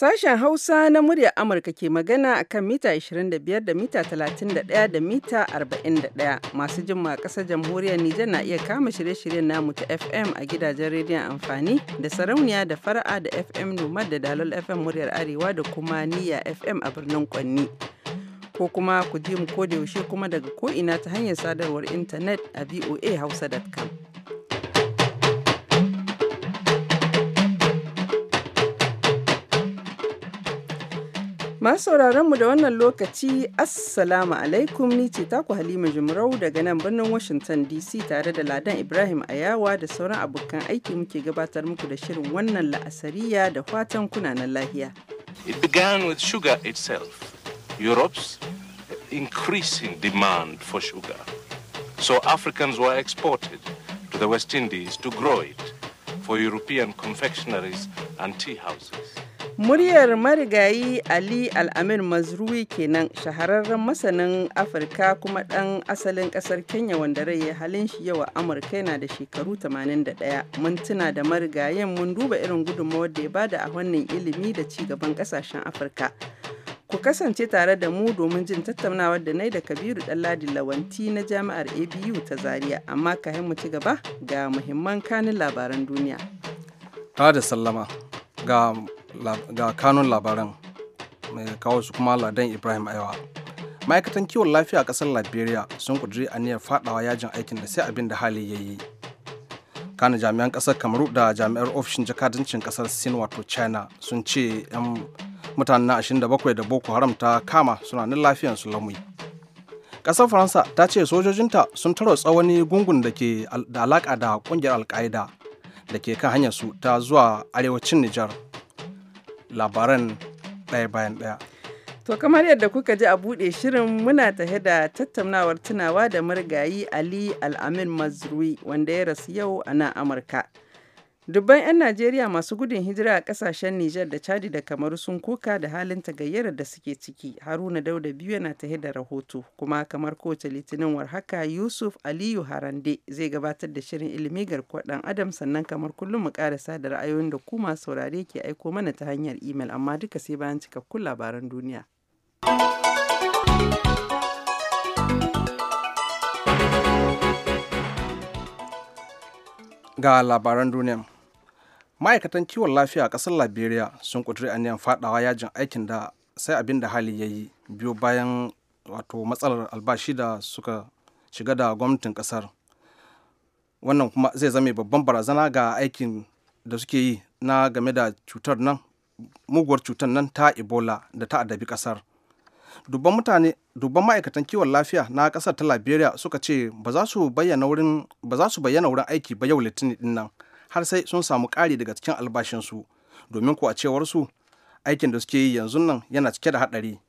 Sashen Hausa na muryar Amurka ke magana a kan mita 25 da mita 31 da mita 41. Masu jimma a ƙasar jamhuriyar Nijar na iya kama shirye-shiryen namu ta FM a gidajen rediyon amfani da sarauniya da fara'a da FM numar da Dalol FM muryar Arewa da kuma Niyya FM a birnin Kwanni. Ko kuma ku ji mu ko da yaushe kuma daga ko'ina ta hanyar sadarwar intanet a voahausa.com. Masu sauraronmu da wannan lokaci Assalamu alaikum ni ce taku Halima Jumrau daga nan birnin Washington DC tare da Ladan Ibrahim Ayawa da sauran abokan aiki muke gabatar muku da shirin wannan la'asariya da fatan kunanan lahiya. It began with sugar itself, Europe's increasing demand for sugar. So Africans were exported to the West Indies to grow it for European confectionaries and tea houses. Muryar marigayi Ali Al'amin Mazrui kenan shahararren masanin Afirka kuma ɗan asalin ƙasar Kenya wanda rai ya halin shi yau a Amurka yana da shekaru 81. Mun tuna da marigayin mun duba irin gudunmawar da ya bada a wannan ilimi da ci gaban ƙasashen Afirka. Ku kasance tare da mu domin jin tattaunawar da nai da Kabiru Ɗanladi Lawanti na Jami'ar ABU ta Zaria, amma ka mu ci gaba ga muhimman kanin labaran duniya. Ta da sallama ga ga kanun labaran mai kawo su kuma ladan ibrahim aiwa ma'aikatan kiwon lafiya a ƙasar liberia sun kuduri aniyar fadawa yajin aikin da sai abin da hali ya yi kana jami'an ƙasar kamaru da jami'ar ofishin jakadancin ƙasar sin wato china sun ce 'yan mutanen 27 da boko haram ta kama suna nan lafiyansu lamui ƙasar faransa ta ce sojojinta sun taro tsawani gungun da ke da alaƙa da ƙungiyar alƙa'ida da ke kan hanyar su ta zuwa arewacin nijar labaran ɗaya bayan ɗaya. To kamar yadda kuka ji a buɗe shirin muna tahe da tattaunawar tunawa da marigayi Ali Al'amin Mazrui wanda ya rasu yau a nan Amurka. Dubban 'yan Najeriya masu gudun hijira a kasashen Nijar da Chadi da Kamaru sun koka da halin ta tagayyarar da suke ciki. Haruna Dauda biyu yana ta da rahoto, kuma kamar kowace litinin war haka Yusuf Aliyu Harande zai gabatar da shirin ilimi garkuwar dan Adam sannan kamar kullum mu kara da ra'ayoyin da kuma saurare ke aiko mana ta hanyar imel amma duka sai bayan cikakkun labaran duniya. Ga labaran duniya. ma'aikatan kiwon lafiya a ƙasar liberia sun ƙudiri aniyan faɗawa yajin aikin da sai abin da hali ya yi biyu bayan wato matsalar albashi da suka shiga da gwamnatin ƙasar wannan kuma zai zame babban barazana ga aikin da suke yi na game da cutar nan muguwar cutar nan ta ebola da ta adabi ƙasar dubban mutane dubban ma'aikatan kiwon lafiya na ƙasar ta liberia suka ce ba za su bayyana wurin aiki ba yau litinin din nan har sai sun samu ƙari daga cikin albashinsu domin ko a cewarsu aikin da suke yi yanzu nan yana cike da haɗari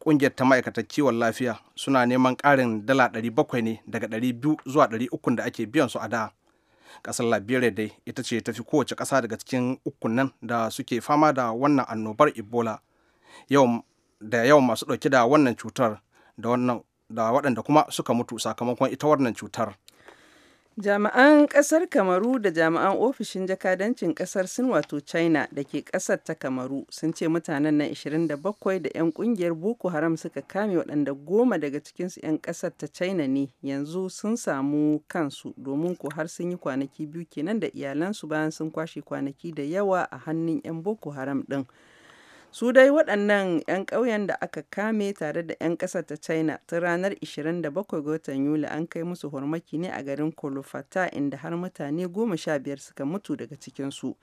ƙungiyar ta ma'aikatar kiwon lafiya suna neman ƙarin dala bakwai ne daga biyu zuwa uku da ake biyan su a da ƙasar liberia dai ita ce tafi kowace ƙasa daga cikin ukun nan da suke fama da wannan annobar ebola da yawan masu ɗauke da wannan cutar da waɗanda kuma suka mutu sakamakon ita wannan cutar Jami'an ƙasar Kamaru da jami'an ofishin jakadancin ƙasar sun wato China da ke ƙasar ta Kamaru sun ce mutanen nan 27 da 'yan ƙungiyar Boko Haram suka kame waɗanda goma daga cikinsu 'yan ƙasar ta China ne yanzu sun samu kansu domin ko har sun yi kwanaki biyu kenan da iyalansu bayan sun kwashe kwanaki da yawa a hannun 'yan Boko Haram ɗin. Su dai waɗannan 'yan ƙauyen da aka kame tare da 'yan ƙasar ta China ta ranar 27 ga watan Yuli an kai musu hormaki ne a garin Kolofata inda har mutane 15 suka mutu daga cikinsu.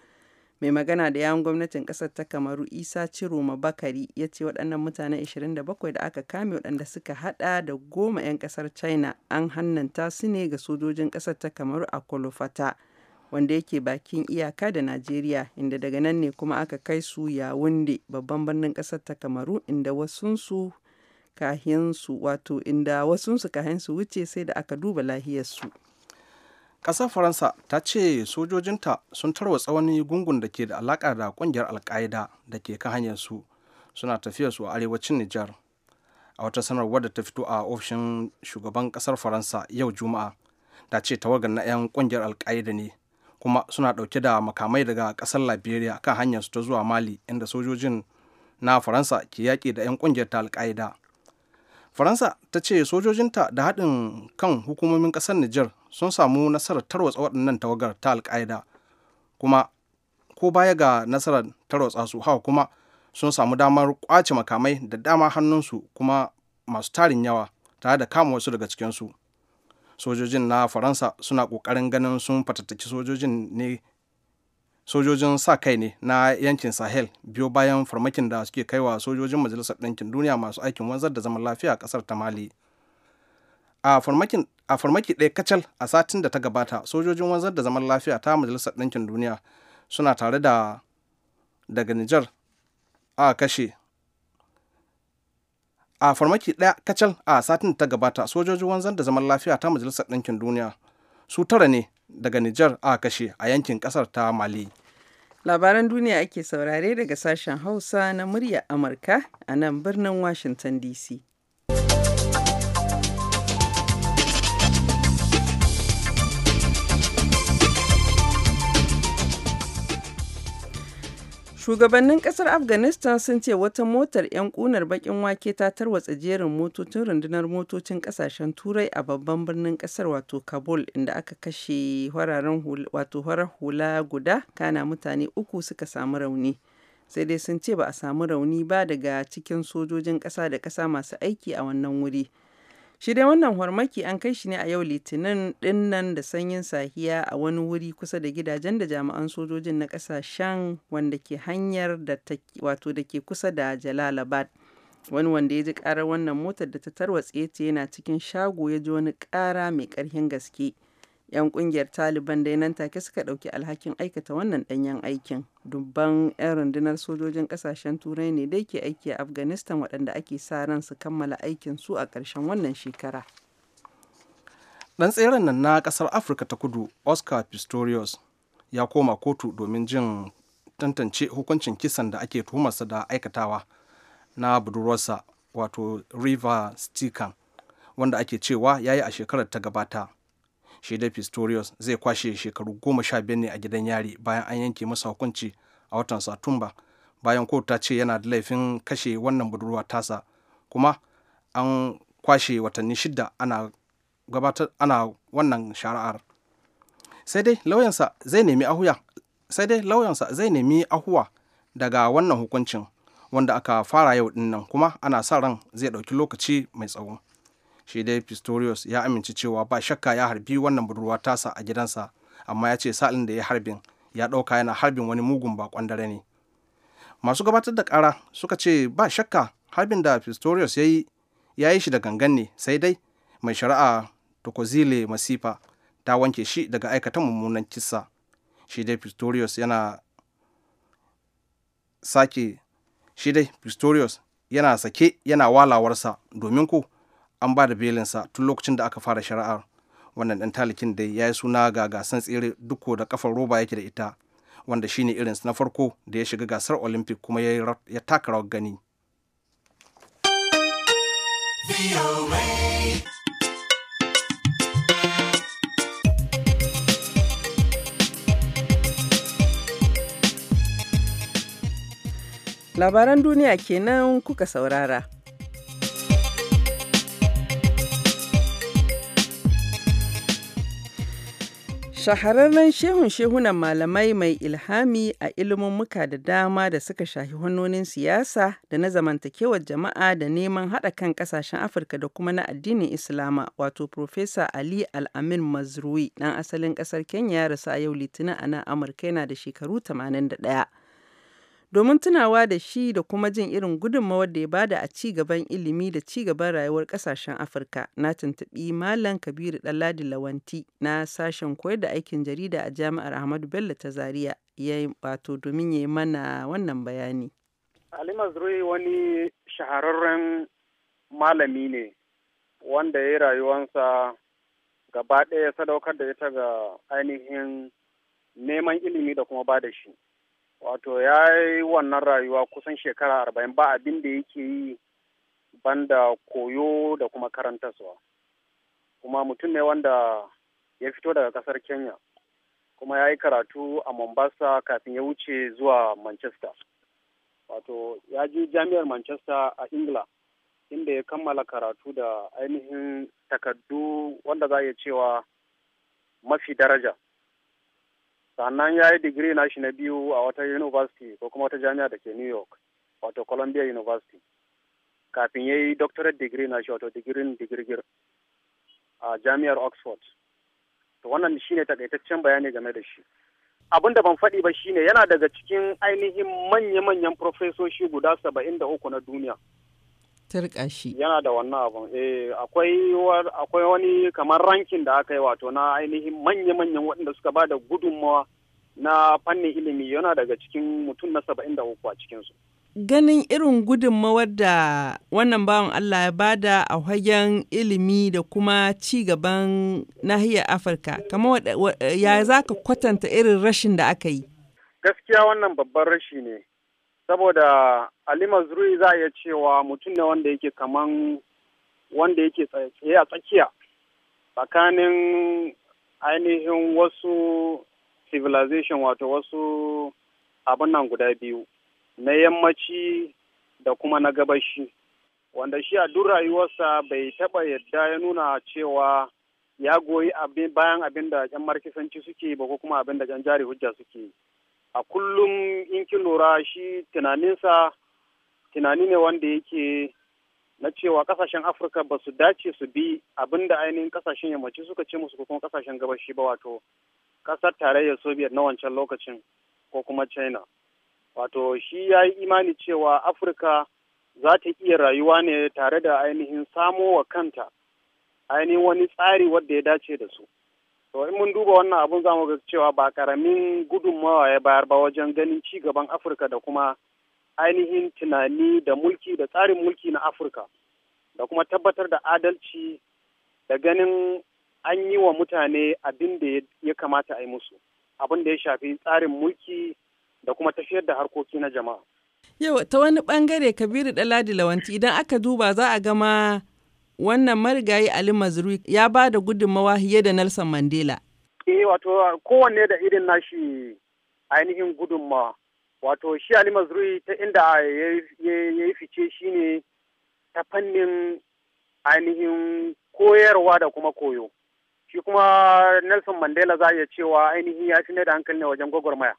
Mai magana da yawon gwamnatin ƙasar ta Kamaru Isa Ciroma Bakari ya ce waɗannan mutane 27 da aka kame waɗanda suka haɗa da goma 'yan ƙasar China an hannanta su ne ga sojojin ƙasar ta Kamaru a Kolofata. wanda yake bakin iyaka da Najeriya inda daga nan ne kuma aka kai su Yawunde babban birnin ƙasar ta Kamaru inda wasunsu kahinsu wato inda wasunsu kahinsu wuce sai da aka duba lahiyarsu. Ƙasar Faransa ta ce sojojinta sun tarwa tsawon gungun da ke da alaƙa da ƙungiyar Alƙa'ida da ke kan hanyarsu suna su a arewacin Nijar. A wata sanarwar da ta fito a ofishin shugaban ƙasar Faransa yau Juma'a ta ce tawagar na 'yan ƙungiyar Alƙa'ida ne kuma suna ɗauke da makamai daga ƙasar liberia kan hanyar su ta zuwa mali inda sojojin na faransa ke yaƙi da 'yan ƙungiyar ta alƙa'ida faransa ta ce sojojinta da haɗin kan hukumomin ƙasar niger sun samu nasarar tarwatsa waɗannan tawagar ta alƙa'ida kuma ko baya ga nasarar tarwatsa su hawa kuma sun samu damar kwace makamai da dama hannunsu kuma masu tarin yawa tare da kama wasu daga cikinsu sojojin na faransa suna kokarin ganin sun fatattaki sojojin ne sojojin sa kai ne na yankin sahel biyo bayan farmakin da suke kaiwa sojojin majalisar ɗinkin duniya masu aikin wanzar da zaman lafiya a ƙasar ta mali a farmaki ɗaya kacal a satin da ta gabata sojojin wanzar da zaman lafiya ta majalisar ɗinkin duniya suna tare da daga nijar a kashe a farmaki ɗaya kacal a satin ta gabata sojojin wanzan da zaman lafiya ta majalisar ɗinkin duniya su tara ne daga nijar a kashe a yankin ƙasar ta mali labaran duniya ake saurare daga sashen hausa na murya amurka a nan birnin washington dc Shugabannin kasar Afghanistan sun ce wata motar 'yan kunar bakin wake ta tarwatsa jerin motocin rundunar motocin kasashen Turai a babban birnin kasar wato Kabul inda aka kashe wato harar hula guda kana mutane uku suka samu rauni. Sai dai sun ce ba a samu rauni ba daga cikin sojojin kasa da kasa masu aiki a wannan wuri. Shi dai wannan hormaki an kai shi ne a yau Litinin din nan da sanyin sahiya a wani wuri kusa da gidajen da jami'an sojojin na kasashen wanda ke hanyar da wato da ke kusa da Jalalabad. Wani wanda ya ji karar wannan motar da ta tarwatse ta yana cikin shago ya ji wani kara mai ƙarfin gaske. 'yan kungiyar taliban dai nan take suka dauki alhakin aikata wannan danyen aikin dubban 'yan rundunar sojojin kasashen turai ne dai ke aiki a afghanistan waɗanda ake sa ran su kammala aikin su a ƙarshen wannan shekara ɗan tseren nan na ƙasar afirka ta kudu oscar pistorius ya koma kotu domin jin tantance hukuncin kisan da ake tuhumarsa da aikatawa na budurwarsa wato river stikan wanda ake cewa ya yi a shekarar ta gabata sheda pistorius zai kwashe shekaru goma sha biyar ne a gidan yari bayan an yanke masa hukunci a watan satumba bayan kotu ta ce yana da laifin kashe wannan budurwa tasa kuma an kwashe watanni shida ana gabatar ana wannan shari'ar sai dai lauyansa zai nemi ahuya sai dai lauyansa zai nemi ahuwa daga wannan hukuncin wanda aka fara yau dinnan kuma ana sa ran zai ɗauki lokaci mai tsawo shi dai pistorius ya amince cewa ba shakka ya harbi wannan budurwa tasa a gidansa amma ya ce sa'in da ya harbin ya ɗauka yana harbin wani mugun bakon dare ne masu gabatar da ƙara suka ce ba shakka harbin da pistorius ya yi ya yi shi da gangan ne sai dai mai shari'a tokozile masifa ta wanke shi daga aikata mummunan kisa shi dai pistorius yana sake shi dai pistorius yana sake yana walawarsa domin ko an ba da belinsa tun lokacin da aka fara shari'ar wannan ɗan talikin dai ya yi suna ga gasan tsere duk da kafar roba yake da ita wanda shine irinsa na farko da ya shiga gasar olympic kuma ya taka rawar gani labaran duniya kenan kuka saurara Shahararren shehun shehunan malamai mai ilhami a ilmummuka da dama da suka shahi hannunin siyasa da na zamantakewar jama'a da neman haɗa kan ƙasashen Afirka da kuma na addinin Islama wato Profesa Ali Al-Amin Mazrui ɗan asalin ƙasar Kenya ya rasu a yau Litinin a nan Amurka yana da shekaru 81. domin tunawa da shi da kuma jin irin gudunmawar da ya bada a ci gaban ilimi da ci gaban rayuwar kasashen Afirka. Na tuntuɓi Malam Kabiru Ɗanladi Lawanti na sashen koyar da aikin jarida a Jami'ar Ahmadu Bello ta Zaria ya yi wato domin ya yi mana wannan bayani. Ali Mazrui wani shahararren malami ne wanda ya yi rayuwansa gaba ɗaya sadaukar da ita ga ainihin neman ilimi da kuma ba da shi. wato ya yi wannan rayuwa kusan shekara arba'in ba abin da yake yi banda koyo da kuma karantarwa kuma mutum ne wanda ya fito daga kasar kenya kuma ya yi karatu a mombasa kafin ya wuce zuwa manchester wato ya je jami'ar manchester a ingila inda ya kammala karatu da ainihin takardu wanda za a iya cewa mafi daraja sannan ya yi digiri na shi na biyu a wata university ko kuma wata jami'a da ke new york wato columbia university kafin ya yi doctorate degree na shi wato digirin digirgir a jami'ar oxford to wannan shi ne takaitaccen bayani game da shi abin da ban faɗi ba shine yana daga cikin ainihin manya-manyan profesoshi guda saba'in da uku na duniya turka shi yana da wannan abun eh, akwai wani kamar rankin da aka yi wato na ainihin manya-manyan waɗanda suka ba da gudunmawa na fannin ilimi yana daga cikin mutum na saba'in da uku a cikinsu ganin irin gudunmawar da wannan bawan Allah ya bada a hagen ilimi da kuma ci gaban nahiyar Afirka, kama ya za ka kwatanta irin rashin da aka yi? Gaskiya wannan babban rashi ne, saboda Ali zuri za iya cewa mutum ne wanda yake kaman wanda yake tsaye a tsakiya tsakanin ainihin wasu civilization wato wasu abin nan guda biyu na yammaci da kuma na gabashi wanda shi a duk rayuwarsa bai taɓa yadda ya nuna cewa ya goyi bayan abin da 'yan markisanci suke ba ko kuma abin da 'yan jari hujja suke yi. a kullum in ki lura shi tunaninsa tunani ne wanda yake na cewa kasashen afirka ba su dace su bi abin da ainihin kasashen yammaci suka ce musu kuma kasashen gabashi ba wato kasar tarayyar soviet na wancan lokacin ko kuma china wato shi ya yi imani cewa afirka za ta iya rayuwa ne tare da ainihin samo wa kanta ainihin wani tsari wadda ya dace da su To in mun duba wannan abun zamu ga cewa ba karamin gudunmawa ya bayar ba wajen ganin ci gaban Afirka da kuma ainihin tunani da mulki da tsarin mulki na Afirka da kuma tabbatar da adalci da ganin an yi wa mutane abin da ya kamata a yi musu abin da ya shafi tsarin mulki da kuma tafiyar da harkoki na jama'a. Yau ta wani bangare Kabiru Daladi Lawanti idan aka duba za a gama wannan marigayi Ali Mazrui ya ba da gudunmawa fiye da Nelson Mandela. Eh wato kowanne da irin nashi ainihin gudunmawa. Wato shi Ali Mazrui ta inda ya yi fice shi ne ta fannin ainihin koyarwa da kuma koyo. Shi kuma Nelson Mandela za iya cewa ainihin ya fi da hankali ne wajen gwagwarmaya.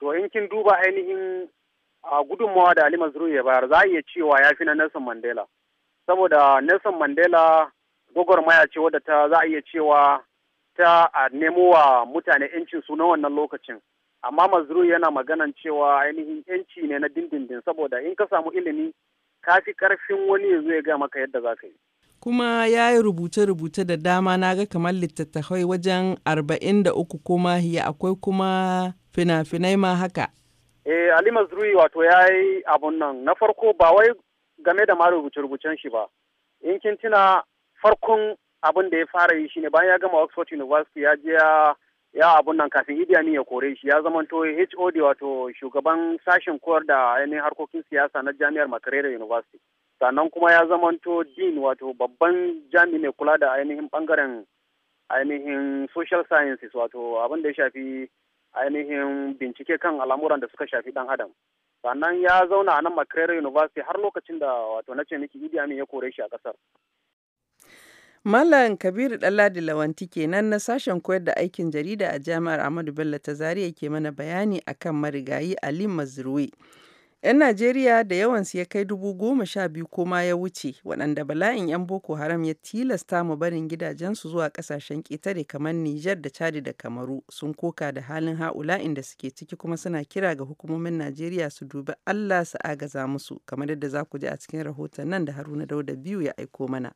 To in kin duba ainihin gudunmawa da Ali Mazrui ya bayar za a iya cewa ya fi na Nelson Mandela. saboda Nelson Mandela gwagwarmaya ce wadda ta za a iya cewa ta a nemo wa mutane 'yancin su na wannan lokacin. Amma Mazuru yana maganan cewa ainihin 'yanci ne na dindindin saboda in ka samu ilimi ka fi karfin wani ya zo ya gaya maka yadda za ka yi. kuma ya yi rubuce-rubuce da dama na ga kamar littattafai wajen arba'in da uku ko mahiya akwai kuma fina-finai ma haka. Eh, Ali Mazrui wato ya yi abun nan na farko ba wai game da ma rubuce-rubucen shi ba in kin tuna farkon abin da ya fara yi shine bayan ya gama Oxford University ya je ya abun nan kafin Idi Amin ya kore shi ya zamanto HOD wato shugaban sashen koyar da ainihin harkokin siyasa na Jami'ar Makerere University sannan kuma ya zamanto Dean wato babban jami'i mai kula da ainihin bangaren ainihin social sciences wato abin da ya shafi ainihin bincike kan al'amuran da suka shafi dan adam sannan ya zauna a nan Makerere University har lokacin da wato na ce miki Idi Amin ya kore shi a kasar. Malam Kabiru Ɗanladi Lawanti kenan na sashen koyar da aikin jarida a Jami'ar Ahmadu Bello ta Zaria ke mana bayani akan marigayi Ali Mazrui. 'Yan Najeriya da yawan su ya kai dubu goma sha biyu ko ma ya wuce, waɗanda bala'in 'yan Boko Haram ya tilasta mu barin gidajensu zuwa ƙasashen ƙetare kamar Nijar da Chad da Kamaru, sun koka da halin ha'ula'in da suke ciki kuma suna kira ga hukumomin Najeriya su dubi Allah su agaza musu, kamar yadda za ku ji a cikin rahoton nan da Haruna Dauda biyu ya aiko mana.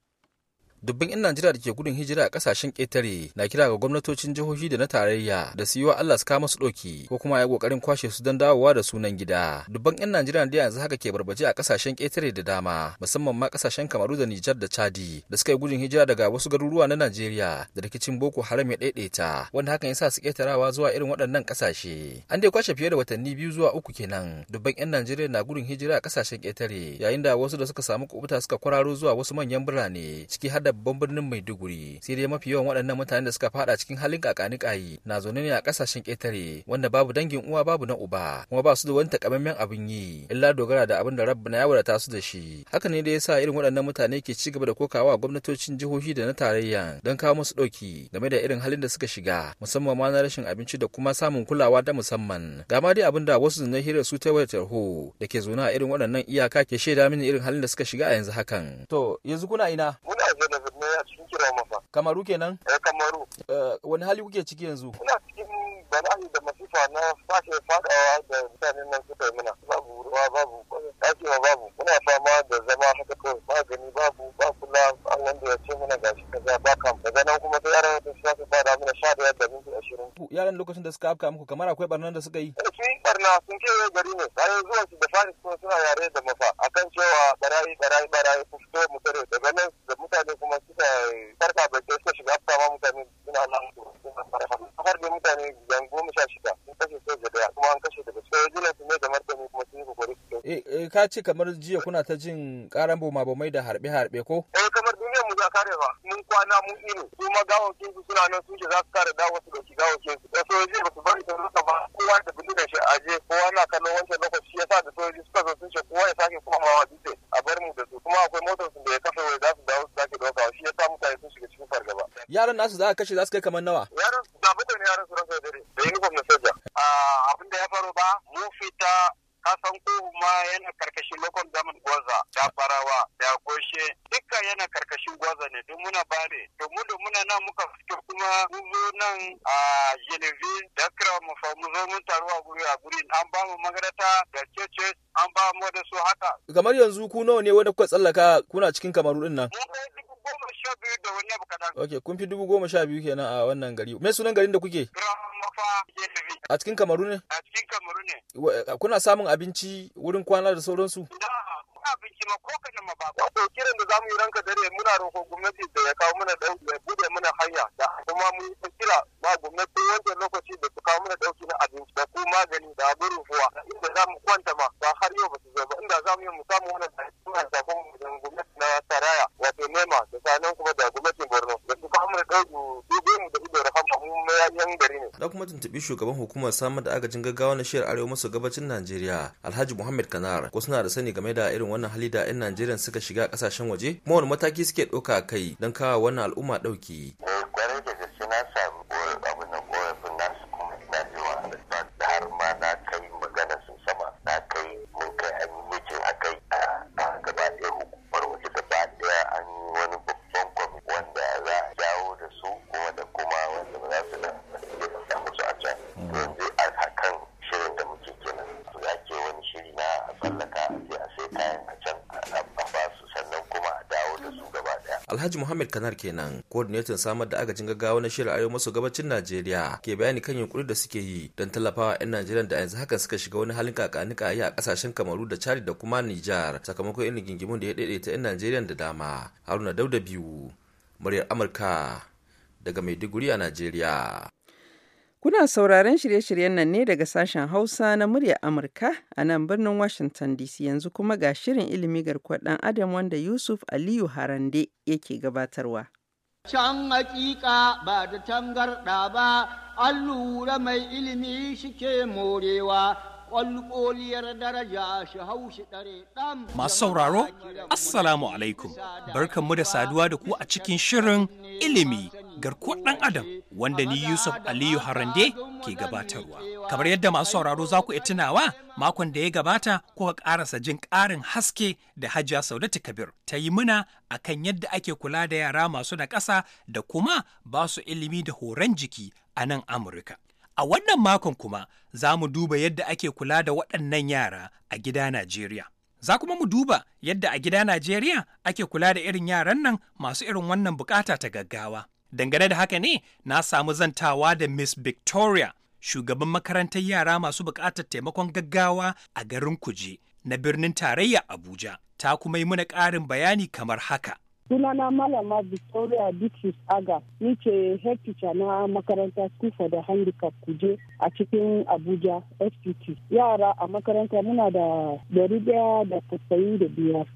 dubbin 'yan najeriya da ke gudun hijira a kasashen ƙetare na kira ga gwamnatocin jihohi da na tarayya da su yi wa allah su kama su ɗoki ko kuma ya ƙoƙarin kwashe su don dawowa da sunan gida dubban 'yan najeriya da yanzu haka ke barbaje a kasashen ƙetare da dama musamman ma kasashen kamaru da nijar da chadi da suka yi gudun hijira daga wasu garuruwa na najeriya da rikicin boko haram ya ɗaiɗaita wanda hakan ya sa su ƙetarawa zuwa irin waɗannan ƙasashe an dai kwashe fiye da watanni biyu zuwa uku kenan dubban 'yan najeriya na gudun hijira a kasashen ƙetare yayin da wasu da suka samu kubuta suka kwararo zuwa wasu manyan birane ciki har da babban birnin Maiduguri sai dai mafi yawan waɗannan mutanen da suka fada cikin halin kakanikayi na zaune ne a ƙasashen ƙetare wanda babu dangin uwa babu na uba kuma ba su da wani takamaimen abin yi illa dogara da abin da rabbana ya wadata su da shi haka ne da yasa irin waɗannan mutane ke ci gaba da kokawa gwamnatocin jihohi da na tarayya don kawo musu ɗauki game da irin halin da suka shiga musamman ma na rashin abinci da kuma samun kulawa ta musamman ga ma dai abin da wasu na hirar su ta wayar tarho da ke zuna a irin waɗannan iyaka ke shaida mini irin halin da suka shiga a yanzu hakan to yanzu kuna ina a Zainab ne a cikin kira mafa. Kamaru kenan? Eh Kamaru. Eh, wani hali kuke ciki yanzu? Ina cikin bala'i da masifa na fashe fadawa da mutane nan suka yi mana. Babu ruwa babu ɗakewa babu. Muna fama da zama haka kawai magani babu ba kula an wanda ya ce mana gashi kaza ba kam. Daga nan kuma sai yaran da suka fada mana sha da yadda minti ashirin. Yaran lokacin da suka afka muku kamar akwai barnan da suka yi? cikin eh, barna sun kewaye gari ne. Bayan zuwan su da fashe suna yare da mafa. ta ce kamar jiya kuna ta jin karan boma bamai da harbe harbe ko eh kamar duniya mu za kare mun kwana mun ino su ma gawakin su suna nan su za su kare dawo su da shi gawakin su da eh, sojoji ba su bari ta ba kowa da bindi da shi aje kowa na kallon wancan lokaci yasa da sojoji suka zo sun ce kowa ya sake kuma mawa dutse a bar mu da su kuma akwai motar su da ya kafa wai za su dawo su sake dauka shi yasa mutane sun shiga cikin fargaba yaran nasu za ka kashe za su kai kamar nawa yaran mu zo mun taru a guri a guri an ba mu magarata da cece an ba mu da su haka. Kamar yanzu ku nawa ne wanda kuka tsallaka kuna cikin kamaru din nan? dubu goma sha biyu da wani Ok kun fi dubu goma sha biyu kenan a wannan gari. Me sunan garin da kuke? A cikin kamaru ne? A cikin kamaru ne. Kuna samun abinci wurin kwana da sauransu? Na'am. ko abinci ma ko kashin ma babu. Wato kiran da zamu yi ranka dare muna roƙo gwamnati da ya kawo mana dauki ya bude mana hanya da kuma mu yi kira ba gwamnati wancan lokaci da su kawo mana dauki na abinci da ko magani da abin rufuwa inda za mu kwanta ma ba har yau ba su zo ba inda za mu yi mu samu wannan tsarin da kuma gwamnati na saraya wato nema da sanan kuma da gwamnatin Borno da su kawo mana dauki dube mu da ido da fama mu yan gari ne. Na kuma tuntuɓi shugaban hukumar samar da agajin gaggawa na shiyar arewa maso gabacin Najeriya Alhaji Muhammad Kanar ko suna da sani game da irin wannan hali da 'yan Najeriya suka shiga kasashen waje? mawani mataki suke ɗauka kai don kawo wannan al'umma ɗauki? Eh, alhaji muhammad kanar kenan coordinator samar da agajin gaggawa na shirin arewa maso gabacin najeriya ke bayani kan yunkuri da suke yi don tallafawa 'yan najeriya da yanzu haka suka shiga wani halin kakanika a kasashen kamaru da chari da kuma nijar sakamakon irin gingimin da ya daidaita 'yan najeriya da dama haruna dauda biyu muryar amurka daga maiduguri a najeriya Kuna sauraron shirye-shiryen nan ne daga sashen Hausa na muryar Amurka a nan birnin Washington DC yanzu kuma ga shirin ilimi garkuwar ɗan Adam wanda Yusuf Aliyu Harande yake gabatarwa. Can hakika ba da tangarɗa ba, allura mai ilimi shike morewa daraja shi Masu sauraro, Assalamu alaikum, barkanmu da saduwa da ku a cikin shirin ilimi garkuwar ɗan adam wanda ni Yusuf Aliyu Harande ke gabatarwa. Kamar yadda masu sauraro za ku iya tunawa makon da ya gabata kuka ƙarasa jin ƙarin haske da Hajiya Saudatu Kabir ta yi muna a kan yadda ake kula da yara masu na ƙasa da kuma ba su ilimi da horon jiki a nan Amurka. A wannan makon kuma za mu duba yadda ake kula da waɗannan yara a gida Najeriya. Za kuma mu duba yadda a gida Najeriya ake kula da irin yaran nan masu irin wannan bukata ta gaggawa. Dangane da haka ne na samu zantawa da Miss Victoria, shugaban makarantar yara masu bukatar taimakon gaggawa a garin Kuje na birnin tarayya Abuja. Ta kuma yi muna ƙarin bayani kamar haka. sunana malama victoria bitrus aga ni ce head teacher na makaranta school for the handicap kuje a cikin abuja fct yara a makaranta muna da dari daya da tasayin da biyar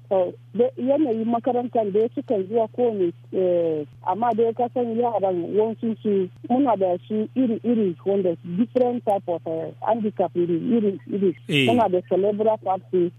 yanayi makarantar da suka zuwa kowane eh, amma da ya kasan yaran wasu su muna da su iri-iri wanda different type of eh, handicap iri-iri eh. muna da cerebral palsy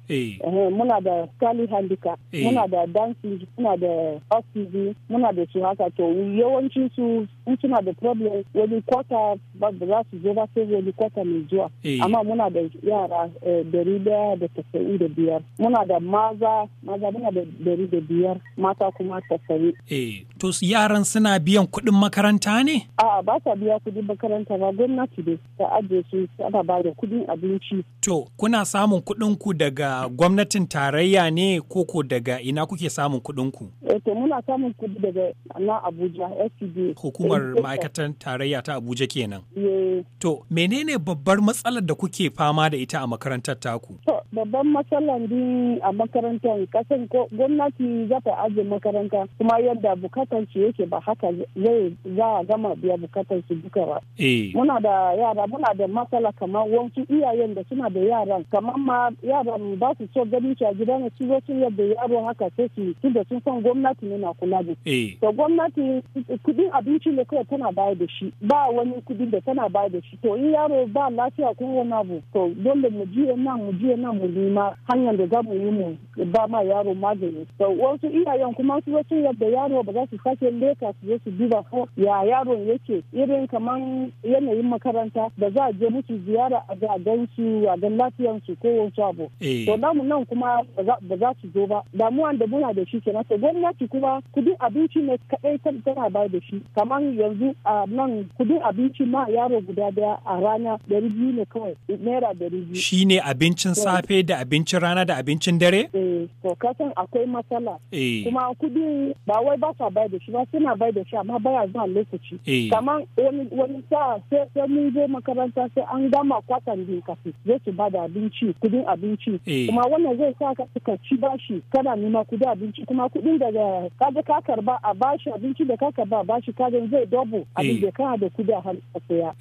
muna da scaly handicap muna da dancing muna da oxygen muna da su haka to Yawanci su in suna da problem wani kwata ba za su zo ba sai wani kwata mai zuwa eh. amma muna da yara eh, dari daya da tasa'in da biyar muna da maza maza muna da dari da biyar mata kuma tasa'in eh. wato yaran suna biyan kuɗin makaranta ne? 'a ba ta biya kuɗin makaranta ba gwamnati ne ta ajiye su ana ba da kuɗin abinci. To kuna samun kuɗin ku daga gwamnatin tarayya ne ko ko daga ina kuke samun kuɗin ku? Eh to muna samun kuɗi daga na Abuja SCD. Hukumar eh, ma'aikatan tarayya ta Abuja kenan. Eh. To menene babbar matsalar da kuke fama da ita a makarantar taku? To babban matsalar din a makarantar kasan gwamnati za ta ajiye makaranta kuma yadda bukata talautanci yake ba haka zai za a gama biya bukatar duka ba. Eh. Muna da yara muna da matsala kamar wasu iyayen da suna da yaran kamar ma yaran ba su so gani shi a gida na zo sun yadda yaro haka sai su tun da sun san gwamnati ne na kula da. Eh. To gwamnati kudin abinci ne kawai tana baya da shi ba wani kudin da tana baya da shi to in yaro ba lafiya ko wani abu to dole mu jiya nan mu jiya nan mu nema hanyar da za mu yi mu ba ma yaro magani. To wasu iyayen kuma su wasu yadda yaro ba za su su sake leta su je su duba ko ya yaron yake irin kaman yanayin makaranta da za a je musu ziyara a ga gan su a ga lafiyan su ko wani abu eh. to namu nan kuma ba za su zo ba Damuwa da muna da shi kenan to gwamnati kuma kudin abinci ne kadai tana ba da shi kaman yanzu a nan kudin abinci ma yaro guda daya a rana dari biyu ne kawai naira dari biyu shi ne abincin eh. safe da abincin rana da abincin dare eh to kasan akwai matsala eh. kuma kudin ba wai ba sa ba da shi ba suna bai da shi amma baya zuwa lokaci eh. Kaman wani sa sai sai mun je makaranta sai an gama kwatan din kafi zai su bada abinci kudin abinci eh. kuma wannan zai sa ka suka ci bashi kana nema kudin abinci kuma kudin daga kaje ka karba a bashi abinci da ka karba a bashi kaje zai a eh. abin da ka da kudi a hannu saya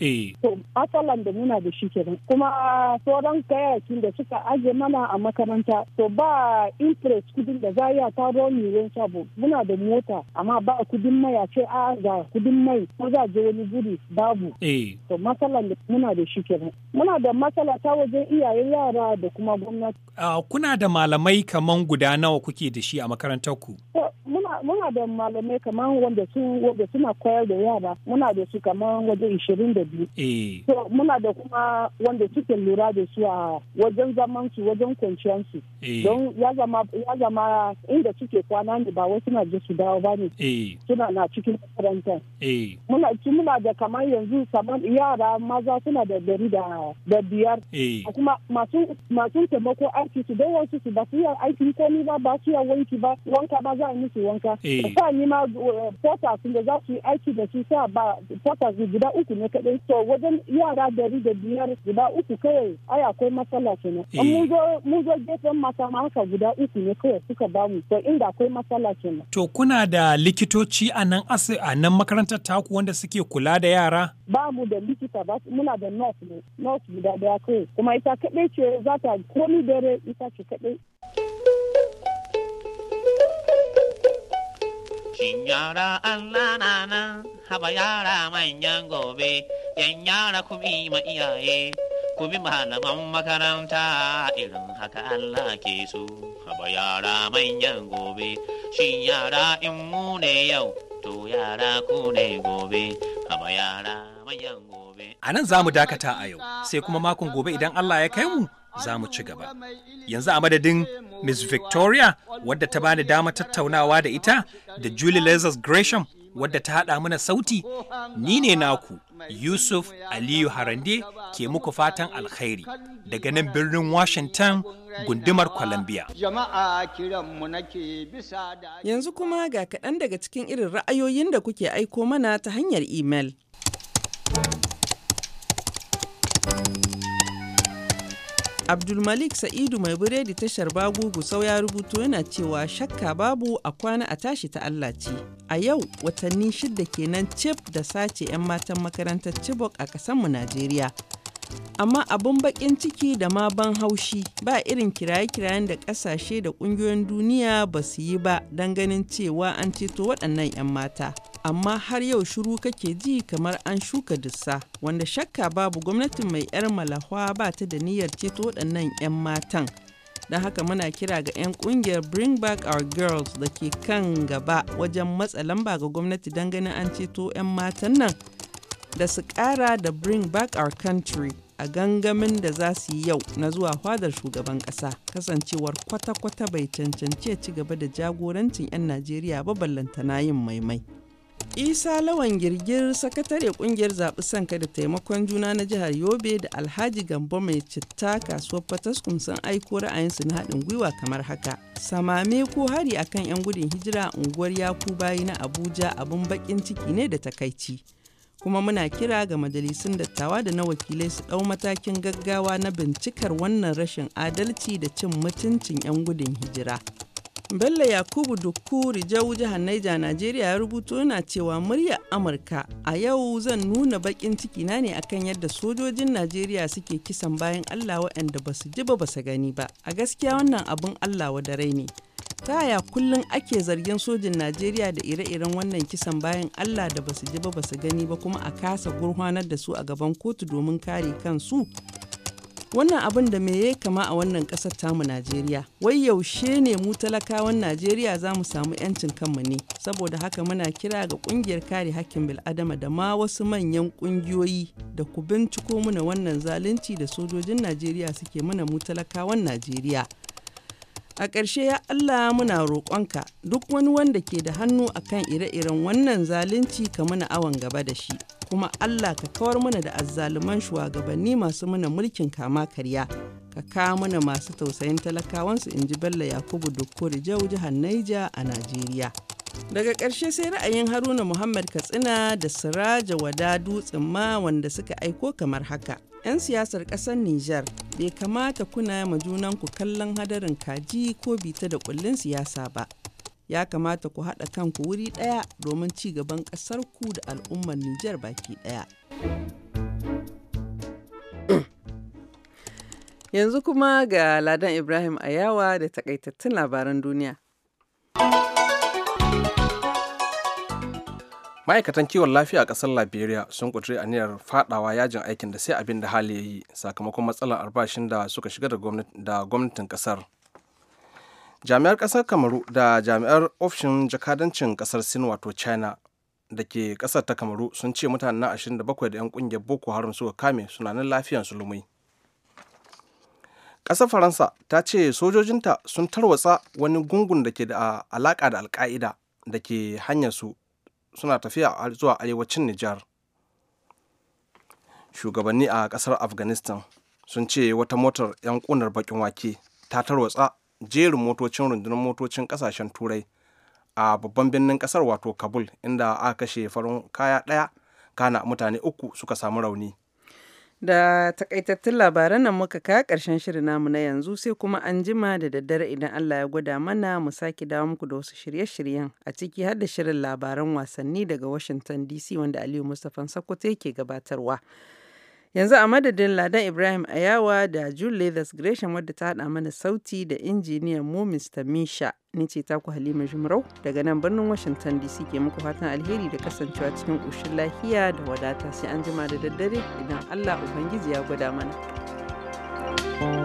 to asalan da muna da shi kenan kuma sauran kayayyakin da suka ajiye mana a makaranta to ba interest kudin da za a iya taro ne sabo muna da mota amma amma ba kudin mai a ce a ga kudin mai ko za je wani guri babu eh. to matsalan da muna da shi kenan muna da matsala ta wajen iyayen yara da kuma gwamnati ah, kuna da malamai kaman guda nawa kuke da shi a makarantar ku muna da malamai kamar wanda su wanda suna koyar da yara muna da su kamar waje ishirin da biyu. Eh. So muna da kuma wanda suke lura da su a wajen zaman su wajen kwanciyar su. Eh. Don ya zama ya zama inda suke kwana ne ba wasu na je su dawo ba ne. Eh. Suna na cikin makaranta Muna muna da kamar yanzu kamar yara maza suna da dari da biyar. Kuma masu masu taimako aiki su don wasu su ba su yi aikin komi ba ba su yi wanki ba wanka ba za a musu wanka. mata sa eh. ni ma eh, porters da za su yi aiki da su sa ba porters guda uku ne kaɗai so wajen yara dari da biyar guda uku kawai ai akwai matsala kenan eh. mun mun zo gefen mata ma haka guda uku ne kawai suka ba mu. to inda akwai matsala kenan to kuna da likitoci a nan a nan makarantar taku wanda suke kula da yara ba mu da likita ba muna da nurse ne nurse guda daya kawai kuma ita kaɗai ce za ta komi dare ita ce kaɗai Shin yara Allah na nan haba yara manyan gobe, yan yara ku bi ma iyaye, ku bi malaman makaranta irin haka Allah ke so. Haba yara manyan gobe, shin yara in mu ne yau, to yara ku ne gobe, haba yara manyan gobe. A nan za mu dakata a yau, sai kuma makon gobe idan Allah ya kai mu. za mu ci gaba. Yanzu a madadin Miss Victoria wadda ta bani dama tattaunawa da ita da Julie Lazarus Gresham wadda ta haɗa mana sauti, ni ne naku Yusuf Aliyu Harande ke muku fatan alkhairi daga nan birnin Washington gundumar Columbia. Yanzu kuma ga kaɗan daga cikin irin ra'ayoyin da kuke aiko mana ta hanyar imel. Abdulmalik Sa'idu mai biredi tashar Bagugu sau ya rubuto yana cewa shakka babu a kwana a tashi ta Allah ce. A yau watanni shidda kenan cif da sace 'yan matan makarantar Chibok a kasanmu Najeriya. Amma abin bakin ciki da ma ban haushi ba irin kiraye-kirayen da ƙasashe da ƙungiyoyin duniya ba su yi ba don ganin cewa an ceto waɗannan 'yan mata. amma har yau shiru kake ji kamar an shuka dussa wanda shakka babu gwamnatin mai 'yar malahwa ba ta da niyyar ceto waɗannan 'yan matan don haka muna kira ga 'yan kungiyar bring back our girls da ke kan gaba wajen matsa lamba ga gwamnati don ganin an ceto 'yan matan nan da su kara da bring back our country a gangamin da za su yi yau na zuwa fadar shugaban kasa kasancewar kwata-kwata bai cancanci ci gaba da jagorancin 'yan najeriya ba ballantana yin maimai. isa lawan girgir sakatare kungiyar zaɓi sanka da taimakon juna na jihar yobe da alhaji gambo mai citta kasuwar fataskum sun aiko ra'ayinsu na haɗin gwiwa kamar haka samame ko hari akan 'yan gudun hijira a unguwar yaku bayi na abuja abun baƙin ciki ne da takaici kuma muna kira ga majalisun dattawa da na wakilai su ɗau matakin gaggawa na bincikar wannan rashin adalci da cin mutuncin 'yan gudun hijira Bello Yakubu Dukku Rijau jihar Naija Najeriya ya rubuto yana cewa murya Amurka a yau zan nuna bakin ciki na ne akan yadda sojojin Najeriya suke kisan bayan Allah waɗanda ba su ji ba ba su gani ba. A gaskiya wannan abun Allah wadarai ne. Ta ya kullum ake zargin sojin Najeriya da ire-iren wannan kisan bayan Allah da ba su ji ba ba su gani ba kuma a kasa gurfanar da su a gaban kotu domin kare kansu. wannan abin da me ya kama a wannan kasar tamu Najeriya wai yaushe ne mu talakawan Najeriya za mu samu yancin kanmu ne saboda haka muna kira ga kungiyar kare hakkin bil'adama da ma wasu manyan kungiyoyi da ku binciko muna wannan zalunci da sojojin Najeriya suke muna mu talakawan Najeriya a ƙarshe ya Allah muna roƙonka duk wani wanda ke da hannu akan ire-iren wannan zalunci ka mana awon gaba da shi kuma Allah ka kawar mana da azzaluman shugabanni masu mana mulkin kama karya ka kawo mana masu tausayin talakawansu in ji Bello Yakubu Dukkuri Jau jihar Naija a Najeriya. Daga ƙarshe sai ra'ayin Haruna Muhammad Katsina da Siraja Wada Dutsen ma wanda suka aiko kamar haka. 'Yan siyasar ƙasar Nijar bai kamata kuna ma junanku kallon hadarin kaji ko bita da ƙullin siyasa ba. ya kamata ku haɗa kanku wuri ɗaya domin ci gaban ƙasarku da al'ummar Nijar baki ɗaya. Yanzu kuma ga Ladan Ibrahim Ayawa da takaitattun labaran duniya. Ma'aikatan kiwon lafiya a ƙasar Liberia sun a aniyar faɗawa yajin aikin da sai abin da hali ya yi sakamakon matsalar albashin da suka shiga da gwamnatin ƙasar. jami'ar kasar kamaru da jami'ar ofishin jakadancin kasar sin wato china da ke kasar ta kamaru sun ce mutane na 27 da 'yan kungiyar boko haram suka kame suna nan su lumai ƙasar faransa ta ce sojojinta sun tarwatsa wani gungun da ke da alaƙa da alka'ida da ke hanyar su suna tafiya zuwa arewacin nijar shugabanni a ƙasar afghanistan sun ce wata motar 'yan kunar bakin wake ta tarwatsa jerin motocin rundunar motocin kasashen turai a babban birnin kasar wato kabul inda aka kashe farin kaya daya kana mutane uku suka samu rauni da takaitattun labaran nan muka kaya karshen shirin namu na yanzu sai kuma an jima da daddare idan Allah ya gwada mana mu sake dawo muku da wasu shirye-shiryen a ciki har da shirin labaran wasanni daga Washington DC wanda Aliyu Mustapha Sokoto yake gabatarwa. Yanzu a madadin Ladan Ibrahim Ayawa da Jule Leathers Gresham wadda ta hada mana sauti da injiniyan mu Mr. Misha. Ni ce taku Halima Jumrau daga nan birnin Washington DC ke muku fatan alheri da kasancewa cikin ƙoshin lafiya da wadata sai an jima da daddare idan Allah Ubangiji ya gwada mana. thank